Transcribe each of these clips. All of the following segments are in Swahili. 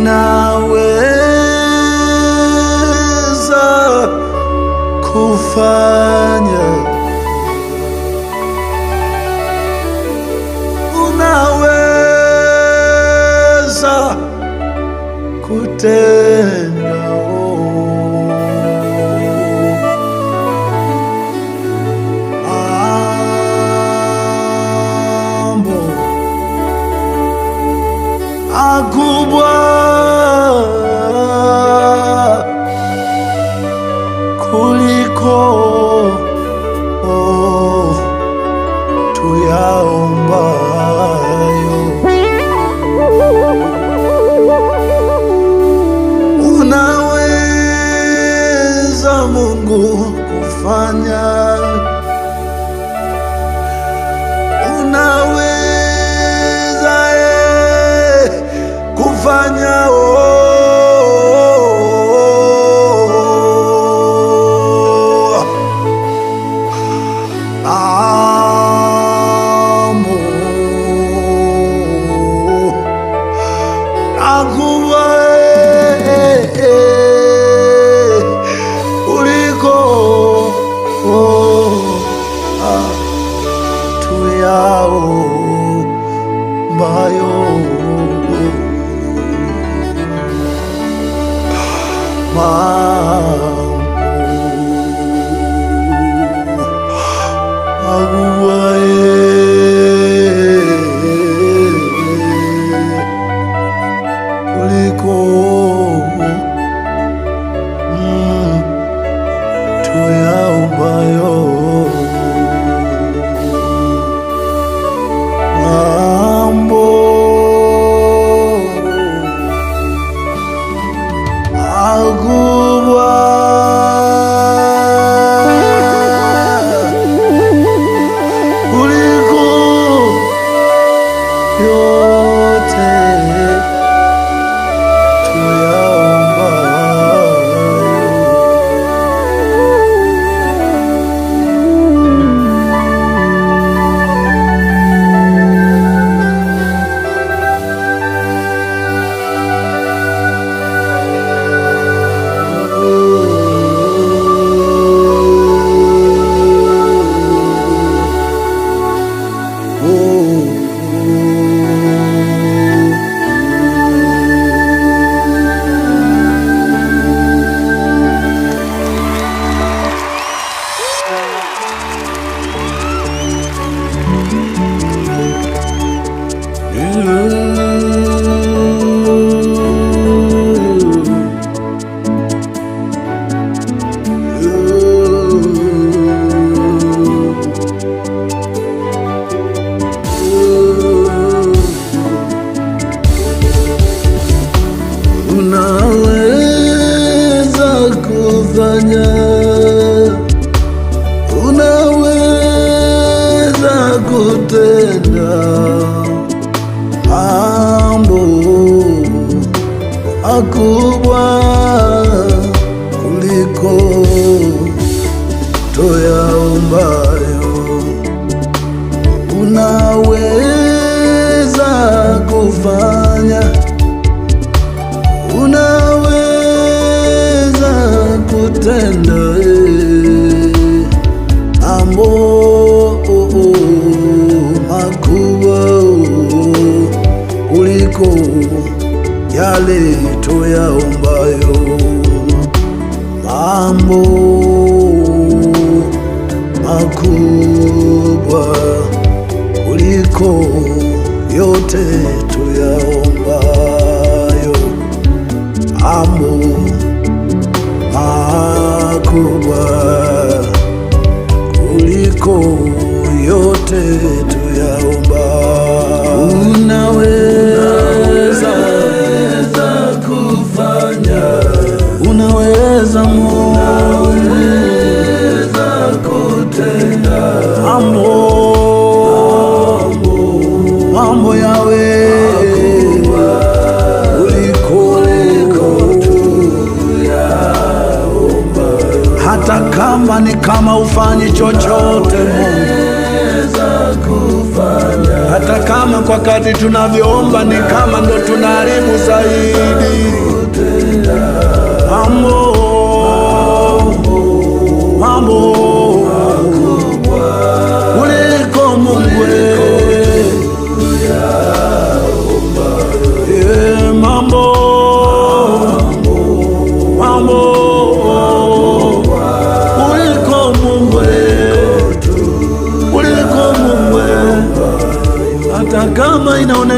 unaweza kufa Kenya. Oh. I will mbali tuyaombayo mambo makubwa kuliko yote tuyaombayo, mambo makubwa kuliko yote tuyaombayo, unaweza kwamba ni kama ufanye chochote Mungu, hata kama kwa kati tunavyoomba ni kama ndo tunaharibu zaidi mambo mambo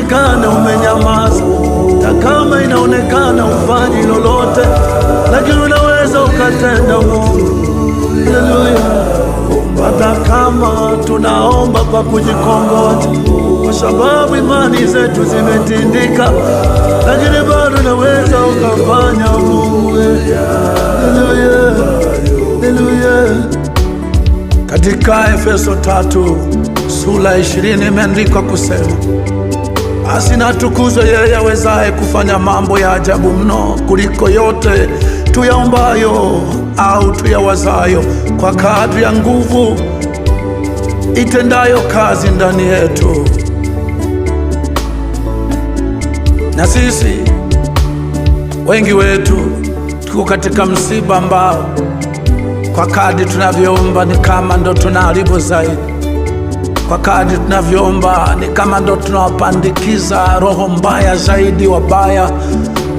inaonekana umenyamaza, na kama inaonekana ufanyi lolote, lakini unaweza ukatenda Mungu. Hata kama tunaomba kwa kujikongota, kwa sababu imani zetu zimetindika, lakini bado unaweza ukafanya Mungu. Katika Efeso tatu sura 20 imeandikwa kusema basi na atukuzwe yeye awezaye kufanya mambo ya ajabu mno kuliko yote tuyaombayo au tuyawazayo, kwa kadri ya nguvu itendayo kazi ndani yetu. Na sisi wengi wetu tuko katika msiba ambao kwa kadri tunavyoomba ni kama ndo tunaharibu zaidi. Kwa kadi tunavyoomba ni kama ndo tunawapandikiza roho mbaya zaidi, wabaya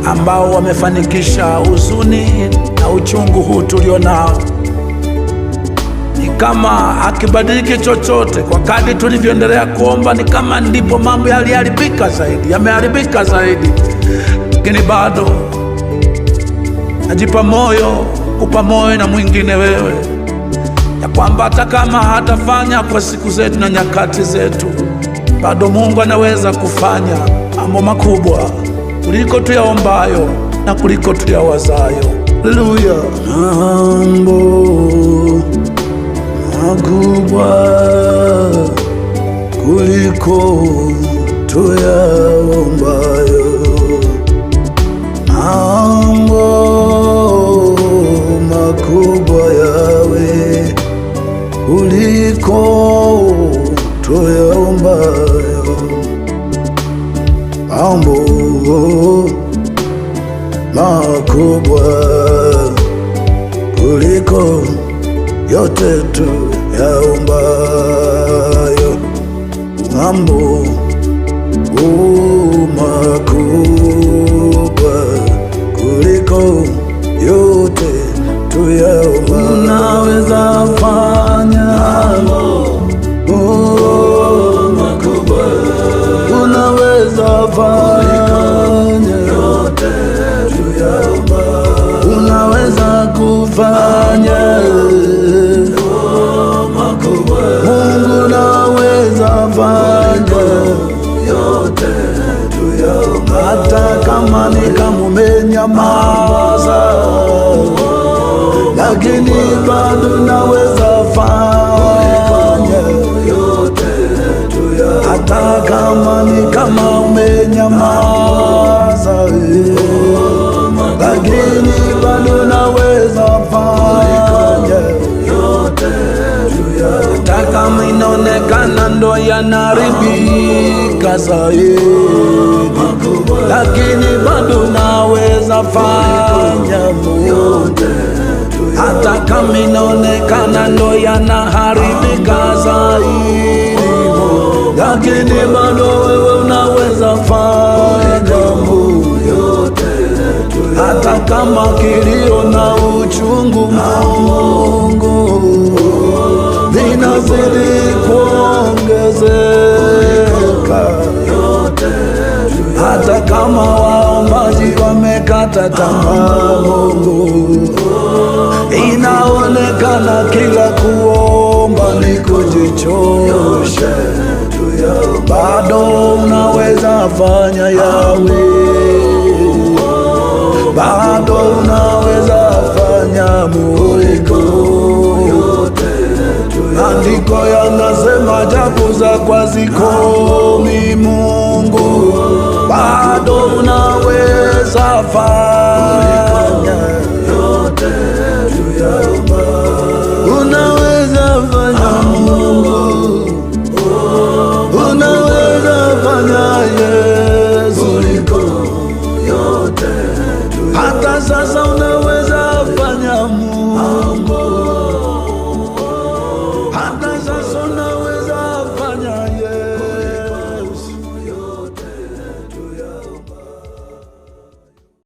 ambao wamefanikisha huzuni na uchungu huu tulionao. Ni kama akibadiliki chochote, kwa kadi tulivyoendelea kuomba, ni kama ndipo mambo yaliharibika zaidi, yameharibika zaidi. Lakini bado najipa moyo, kupa moyo na mwingine wewe ya kwamba hata kama hatafanya kwa siku zetu na nyakati zetu, bado Mungu anaweza kufanya mambo makubwa kuliko tuyaombayo na kuliko tuyawazayo. Haleluya! mambo makubwa kuliko tuyaombayo, mambo makubwa uliko toyaomba mambo makubwa kuliko yote tu yaombayo mambo ya oh, oh, oh. lakini bado yanaharibika zaidi, lakini bado naweza fanya moyote, hata kama inaonekana ndo yanaharibika zaidi, lakini bado wewe unaweza fanya hata kama kilio na uchungu Mungu vinazidi kuongezeka, hata kama waombaji wamekata tamaa. Mungu, inaonekana kila kuomba ni kujichosha, bado unaweza fanya yawe, bado unaweza fanya muliko Maandiko yanasema japo kwa zikomi Mungu bado unaweza fanya unaweza fanya Mungu, unaweza fanya Yesu, hata sasa una